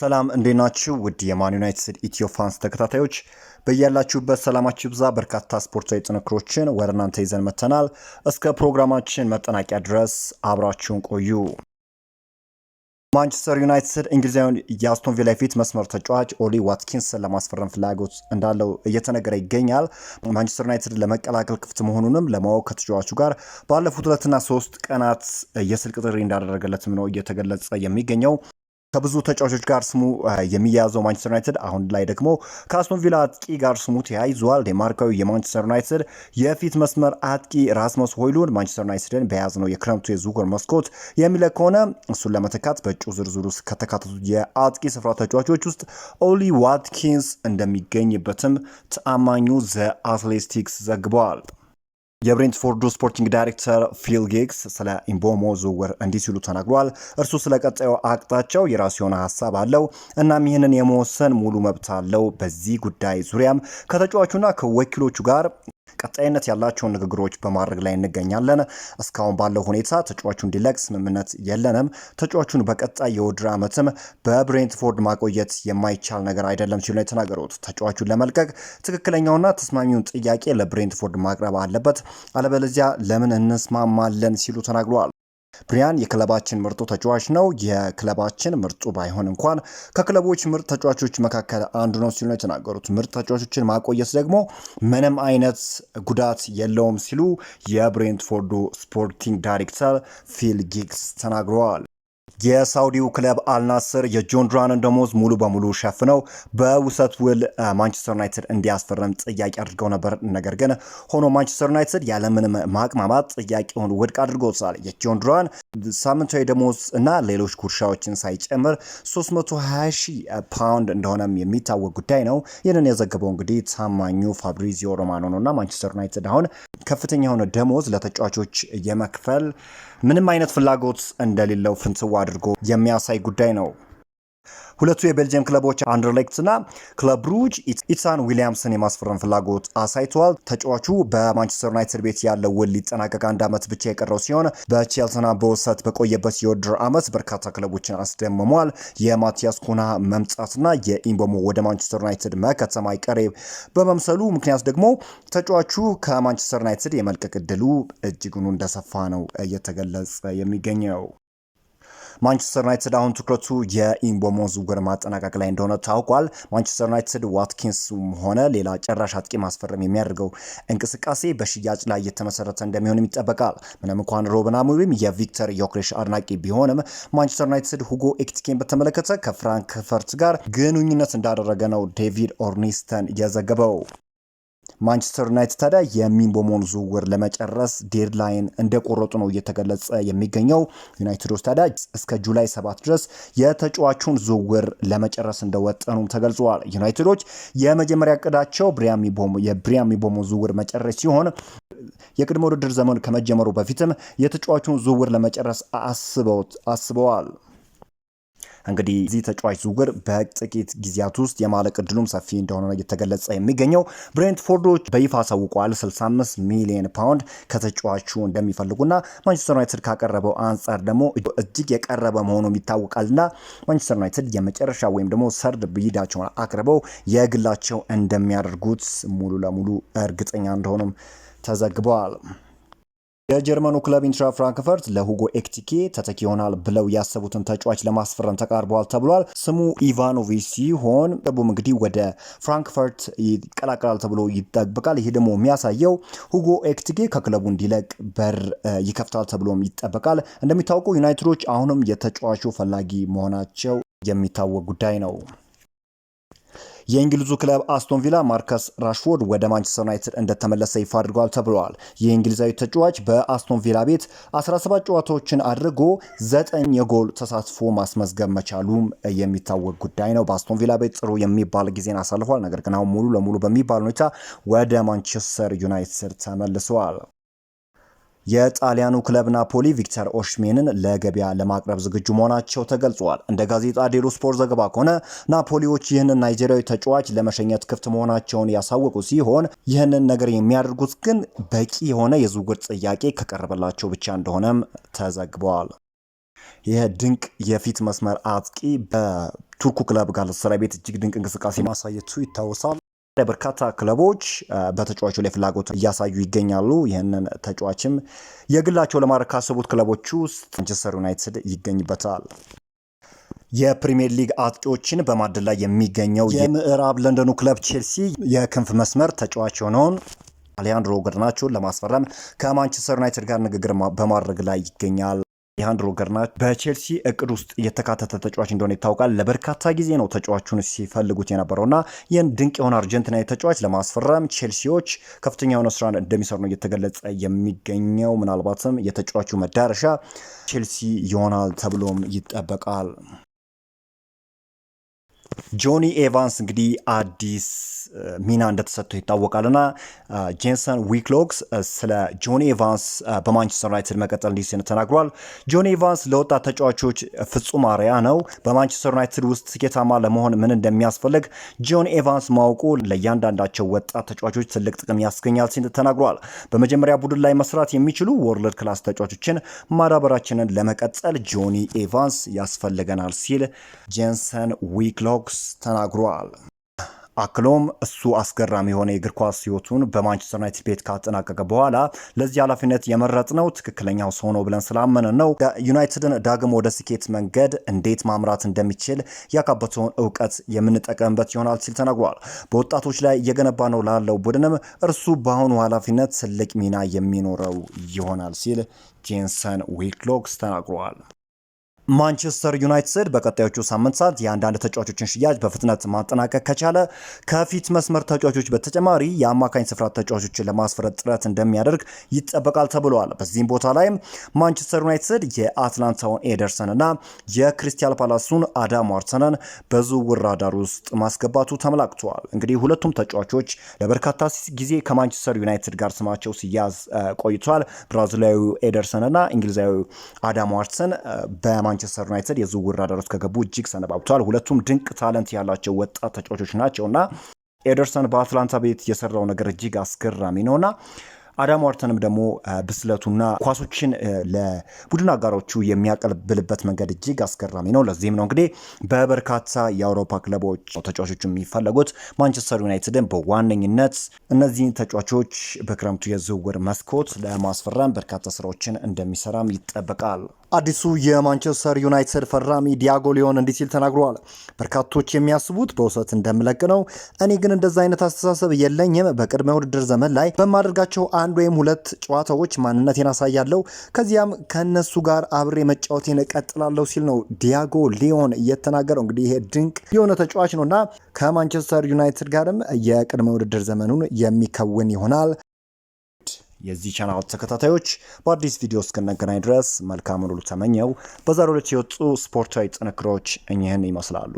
ሰላም እንዴት ናችሁ? ውድ የማን ዩናይትድ ኢትዮ ፋንስ ተከታታዮች በያላችሁበት ሰላማችሁ ብዛ። በርካታ ስፖርታዊ ጥንክሮችን ወደ እናንተ ይዘን መጥተናል። እስከ ፕሮግራማችን መጠናቂያ ድረስ አብራችሁን ቆዩ። ማንቸስተር ዩናይትድ እንግሊዛዊውን የአስቶን ቪላ የፊት መስመር ተጫዋች ኦሊ ዋትኪንስን ለማስፈረም ፍላጎት እንዳለው እየተነገረ ይገኛል። ማንቸስተር ዩናይትድ ለመቀላቀል ክፍት መሆኑንም ለማወቅ ከተጫዋቹ ጋር ባለፉት ሁለትና ሶስት ቀናት የስልክ ጥሪ እንዳደረገለትም ነው እየተገለጸ የሚገኘው። ከብዙ ተጫዋቾች ጋር ስሙ የሚያያዘው ማንቸስተር ዩናይትድ አሁን ላይ ደግሞ ከአስቶን ቪላ አጥቂ ጋር ስሙ ተያይዟል። ዴማርካዊ የማንቸስተር ዩናይትድ የፊት መስመር አጥቂ ራስመስ ሆይሉን ማንቸስተር ዩናይትድን በያዝነው የክረምቱ የዝውውር መስኮት የሚለ ከሆነ እሱን ለመተካት በእጩ ዝርዝር ውስጥ ከተካተቱ የአጥቂ ስፍራ ተጫዋቾች ውስጥ ኦሊ ዋትኪንስ እንደሚገኝበትም ተአማኙ ዘ አትሌቲክስ ዘግበዋል። የብሬንትፎርዱ ስፖርቲንግ ዳይሬክተር ፊል ጊግስ ስለ ኢምቦሞ ዝውውር እንዲህ ሲሉ ተናግሯል። እርሱ ስለ ቀጣዩ አቅጣጫው የራሱ የሆነ ሀሳብ አለው፣ እናም ይህንን የመወሰን ሙሉ መብት አለው። በዚህ ጉዳይ ዙሪያም ከተጫዋቹና ከወኪሎቹ ጋር ቀጣይነት ያላቸውን ንግግሮች በማድረግ ላይ እንገኛለን። እስካሁን ባለው ሁኔታ ተጫዋቹ እንዲለቅ ስምምነት የለንም። ተጫዋቹን በቀጣይ የውድድር ዓመትም በብሬንትፎርድ ማቆየት የማይቻል ነገር አይደለም ሲሉ ነው የተናገሩት። ተጫዋቹን ለመልቀቅ ትክክለኛውና ተስማሚውን ጥያቄ ለብሬንትፎርድ ማቅረብ አለበት፣ አለበለዚያ ለምን እንስማማለን ሲሉ ተናግረዋል። ብሪያን የክለባችን ምርጡ ተጫዋች ነው። የክለባችን ምርጡ ባይሆን እንኳን ከክለቦች ምርጥ ተጫዋቾች መካከል አንዱ ነው ሲሉ ነው የተናገሩት። ምርጥ ተጫዋቾችን ማቆየት ደግሞ ምንም አይነት ጉዳት የለውም ሲሉ የብሬንትፎርዱ ስፖርቲንግ ዳይሬክተር ፊል ጊግስ ተናግረዋል። የሳውዲው ክለብ አልናስር የጆን ድራንን ደሞዝ ሙሉ በሙሉ ሸፍነው በውሰት ውል ማንቸስተር ዩናይትድ እንዲያስፈርም ጥያቄ አድርገው ነበር። ነገር ግን ሆኖ ማንቸስተር ዩናይትድ ያለምንም ማቅማማት ጥያቄውን ውድቅ አድርጎታል። የጆን ድራን ሳምንታዊ ደሞዝ እና ሌሎች ጉርሻዎችን ሳይጨምር 320 ሺህ ፓውንድ እንደሆነም የሚታወቅ ጉዳይ ነው። ይህንን የዘገበው እንግዲህ ታማኙ ፋብሪዚዮ ሮማኖ ነው እና ማንቸስተር ዩናይትድ አሁን ከፍተኛ የሆነ ደሞዝ ለተጫዋቾች የመክፈል ምንም አይነት ፍላጎት እንደሌለው ፍንትው አድርጎ የሚያሳይ ጉዳይ ነው። ሁለቱ የቤልጅየም ክለቦች አንደርሌክትና ክለብ ሩጅ ኢትሳን ዊሊያምስን የማስፈረም ፍላጎት አሳይተዋል። ተጫዋቹ በማንቸስተር ዩናይትድ ቤት ያለው ውል ሊጠናቀቅ አንድ ዓመት ብቻ የቀረው ሲሆን በቼልሲና በውሰት በቆየበት የውድድር ዓመት በርካታ ክለቦችን አስደምሟል። የማቲያስ ኩና መምጣትና የኢምቦሞ ወደ ማንቸስተር ዩናይትድ መከተማ አይቀሬ በመምሰሉ ምክንያት ደግሞ ተጫዋቹ ከማንቸስተር ዩናይትድ የመልቀቅ እድሉ እጅጉኑ እንደሰፋ ነው እየተገለጸ የሚገኘው። ማንቸስተር ዩናይትድ አሁን ትኩረቱ የኢምቦሞ ዝውውር ማጠናቀቅ ላይ እንደሆነ ታውቋል። ማንቸስተር ዩናይትድ ዋትኪንስም ሆነ ሌላ ጨራሽ አጥቂ ማስፈረም የሚያደርገው እንቅስቃሴ በሽያጭ ላይ እየተመሰረተ እንደሚሆንም ይጠበቃል። ምንም እንኳን ሮበን አሞሪም የቪክተር ዮክሬሽ አድናቂ ቢሆንም ማንቸስተር ዩናይትድ ሁጎ ኤክቲኬን በተመለከተ ከፍራንክፈርት ጋር ግንኙነት እንዳደረገ ነው ዴቪድ ኦርኒስተን የዘገበው። ማንቸስተር ዩናይትድ ታዲያ የሚንቦሞን ዝውውር ለመጨረስ ዴድላይን እንደቆረጡ ነው እየተገለጸ የሚገኘው። ዩናይትዶች ታዲያ እስከ ጁላይ ሰባት ድረስ የተጫዋቹን ዝውውር ለመጨረስ እንደወጠኑም ተገልጿል። ዩናይትዶች የመጀመሪያ እቅዳቸው የብሪያን ምቦሞ ዝውውር መጨረስ ሲሆን የቅድመ ውድድር ዘመኑ ከመጀመሩ በፊትም የተጫዋቹን ዝውውር ለመጨረስ አስበዋል። እንግዲህ እዚህ ተጫዋች ዝውውር በጥቂት ጊዜያት ውስጥ የማለቅ እድሉም ሰፊ እንደሆነ እየተገለጸ የሚገኘው ብሬንትፎርዶች በይፋ አሳውቀዋል። 65 ሚሊዮን ፓውንድ ከተጫዋቹ እንደሚፈልጉና ማንቸስተር ዩናይትድ ካቀረበው አንጻር ደግሞ እጅግ የቀረበ መሆኑም ይታወቃልና ማንቸስተር ዩናይትድ የመጨረሻ ወይም ደግሞ ሰርድ ብይዳቸውን አቅርበው የግላቸው እንደሚያደርጉት ሙሉ ለሙሉ እርግጠኛ እንደሆኑም ተዘግበዋል። የጀርመኑ ክለብ ኢንትራ ፍራንክፈርት ለሁጎ ኤክቲኬ ተተኪ ይሆናል ብለው ያሰቡትን ተጫዋች ለማስፈረም ተቃርበዋል ተብሏል። ስሙ ኢቫኖቪች ሲሆን ቅርቡም እንግዲህ ወደ ፍራንክፈርት ይቀላቀላል ተብሎ ይጠበቃል። ይህ ደግሞ የሚያሳየው ሁጎ ኤክቲኬ ከክለቡ እንዲለቅ በር ይከፍታል ተብሎም ይጠበቃል። እንደሚታወቀው ዩናይትዶች አሁንም የተጫዋቹ ፈላጊ መሆናቸው የሚታወቅ ጉዳይ ነው። የእንግሊዙ ክለብ አስቶን ቪላ ማርከስ ራሽፎርድ ወደ ማንቸስተር ዩናይትድ እንደተመለሰ ይፋ አድርጓል ተብለዋል። የእንግሊዛዊ ተጫዋች በአስቶን ቪላ ቤት 17 ጨዋታዎችን አድርጎ ዘጠኝ የጎል ተሳትፎ ማስመዝገብ መቻሉም የሚታወቅ ጉዳይ ነው። በአስቶን ቪላ ቤት ጥሩ የሚባል ጊዜን አሳልፏል። ነገር ግን አሁን ሙሉ ለሙሉ በሚባል ሁኔታ ወደ ማንቸስተር ዩናይትድ ተመልሰዋል። የጣሊያኑ ክለብ ናፖሊ ቪክተር ኦሽሜንን ለገበያ ለማቅረብ ዝግጁ መሆናቸው ተገልጿል። እንደ ጋዜጣ ዴሎ ስፖርት ዘገባ ከሆነ ናፖሊዎች ይህንን ናይጄሪያዊ ተጫዋች ለመሸኘት ክፍት መሆናቸውን ያሳወቁ ሲሆን ይህንን ነገር የሚያደርጉት ግን በቂ የሆነ የዝውውር ጥያቄ ከቀረበላቸው ብቻ እንደሆነም ተዘግበዋል። ይህ ድንቅ የፊት መስመር አጥቂ በቱርኩ ክለብ ጋላታሳራይ ቤት እጅግ ድንቅ እንቅስቃሴ ማሳየቱ ይታወሳል። በርካታ ክለቦች በተጫዋቹ ላይ ፍላጎት እያሳዩ ይገኛሉ። ይህንን ተጫዋችም የግላቸው ለማድረግ ካሰቡት ክለቦች ውስጥ ማንቸስተር ዩናይትድ ይገኝበታል። የፕሪምየር ሊግ አጥቂዎችን በማደል ላይ የሚገኘው የምዕራብ ለንደኑ ክለብ ቼልሲ የክንፍ መስመር ተጫዋች የሆነውን አሊያንድሮ ገርናቾን ለማስፈረም ከማንቸስተር ዩናይትድ ጋር ንግግር በማድረግ ላይ ይገኛል። ሌሃንድሮ ጋርናቾ በቼልሲ እቅድ ውስጥ የተካተተ ተጫዋች እንደሆነ ይታወቃል። ለበርካታ ጊዜ ነው ተጫዋቹን ሲፈልጉት የነበረውና ይህን ድንቅ የሆነ አርጀንቲናዊ ተጫዋች ለማስፈረም ቼልሲዎች ከፍተኛ የሆነ ስራን እንደሚሰሩ ነው እየተገለጸ የሚገኘው። ምናልባትም የተጫዋቹ መዳረሻ ቼልሲ ይሆናል ተብሎም ይጠበቃል። ጆኒ ኤቫንስ እንግዲህ አዲስ ሚና እንደተሰጥቶ ና ጄንሰን ዊክሎክስ ስለ ጆኒ ኤቫንስ በማንቸስተር ዩናይትድ መቀጠል እንዲችል ተናግሯል። ጆኒ ኤቫንስ ለወጣት ተጫዋቾች ፍጹም አሪያ ነው። በማንቸስተር ዩናይትድ ውስጥ ስኬታማ ለመሆን ምን እንደሚያስፈልግ ጆኒ ኤቫንስ ማወቁ ለእያንዳንዳቸው ወጣት ተጫዋቾች ትልቅ ጥቅም ያስገኛል ሲል ተናግሯል። በመጀመሪያ ቡድን ላይ መስራት የሚችሉ ወርልድ ክላስ ተጫዋቾችን ማዳበራችንን ለመቀጠል ጆኒ ኤቫንስ ያስፈልገናል ሲል ጄንሰን ዊክሎክስ ፎክስ ተናግሯል። አክሎም እሱ አስገራሚ የሆነ የእግር ኳስ ህይወቱን በማንቸስተር ዩናይትድ ቤት ካጠናቀቀ በኋላ ለዚህ ኃላፊነት ነው ትክክለኛው ሰው ነው ብለን ስላመነ ነው። ዩናይትድን ዳግም ወደ ስኬት መንገድ እንዴት ማምራት እንደሚችል ያካበተውን እውቀት የምንጠቀምበት ይሆናል ሲል ተናግሯል። በወጣቶች ላይ እየገነባ ነው ላለው ቡድንም እርሱ በአሁኑ ኃላፊነት ትልቅ ሚና የሚኖረው ይሆናል ሲል ጄንሰን ዊክሎክስ ተናግሯል። ማንቸስተር ዩናይትድ በቀጣዮቹ ሳምንት ሰዓት የአንዳንድ ተጫዋቾችን ሽያጭ በፍጥነት ማጠናቀቅ ከቻለ ከፊት መስመር ተጫዋቾች በተጨማሪ የአማካኝ ስፍራ ተጫዋቾችን ለማስፈረጥ ጥረት እንደሚያደርግ ይጠበቃል ተብለዋል። በዚህም ቦታ ላይ ማንቸስተር ዩናይትድ የአትላንታውን ኤደርሰን እና የክሪስታል ፓላሱን አዳም ዋርተንን በዝውውር ራዳር ውስጥ ማስገባቱ ተመላክቷል። እንግዲህ ሁለቱም ተጫዋቾች ለበርካታ ጊዜ ከማንቸስተር ዩናይትድ ጋር ስማቸው ሲያዝ ቆይቷል። ብራዚላዊ ኤደርሰን እና እንግሊዛዊ አዳም ዋርተን በማ ማንቸስተር ዩናይትድ የዝውውር ራዳር ውስጥ ከገቡ እጅግ ሰነባብቷል። ሁለቱም ድንቅ ታለንት ያላቸው ወጣት ተጫዋቾች ናቸውና ኤደርሰን በአትላንታ ቤት የሰራው ነገር እጅግ አስገራሚ ነውና አዳም ዋርተንም ደግሞ ብስለቱና ኳሶችን ለቡድን አጋሮቹ የሚያቀብልበት መንገድ እጅግ አስገራሚ ነው። ለዚህም ነው እንግዲህ በበርካታ የአውሮፓ ክለቦች ተጫዋቾቹ የሚፈለጉት። ማንቸስተር ዩናይትድን በዋነኝነት እነዚህን ተጫዋቾች በክረምቱ የዝውውር መስኮት ለማስፈረም በርካታ ስራዎችን እንደሚሰራም ይጠበቃል። አዲሱ የማንቸስተር ዩናይትድ ፈራሚ ዲያጎ ሊዮን እንዲህ ሲል ተናግረዋል። በርካቶች የሚያስቡት በውሰት እንደምለቅ ነው። እኔ ግን እንደዛ አይነት አስተሳሰብ የለኝም። በቅድመ ውድድር ዘመን ላይ በማደርጋቸው አንድ ወይም ሁለት ጨዋታዎች ማንነቴን አሳያለሁ፣ ከዚያም ከነሱ ጋር አብሬ መጫወቴን እቀጥላለሁ ሲል ነው ዲያጎ ሊዮን እየተናገረው። እንግዲህ ይሄ ድንቅ የሆነ ተጫዋች ነው እና ከማንቸስተር ዩናይትድ ጋርም የቅድመ ውድድር ዘመኑን የሚከውን ይሆናል። የዚህ ቻናል ተከታታዮች በአዲስ ቪዲዮ እስክንገናኝ ድረስ መልካም ሁሉ ተመኘው። በዛሬው ዕለት የወጡ ስፖርታዊ ጥንክሮች እኚህን ይመስላሉ።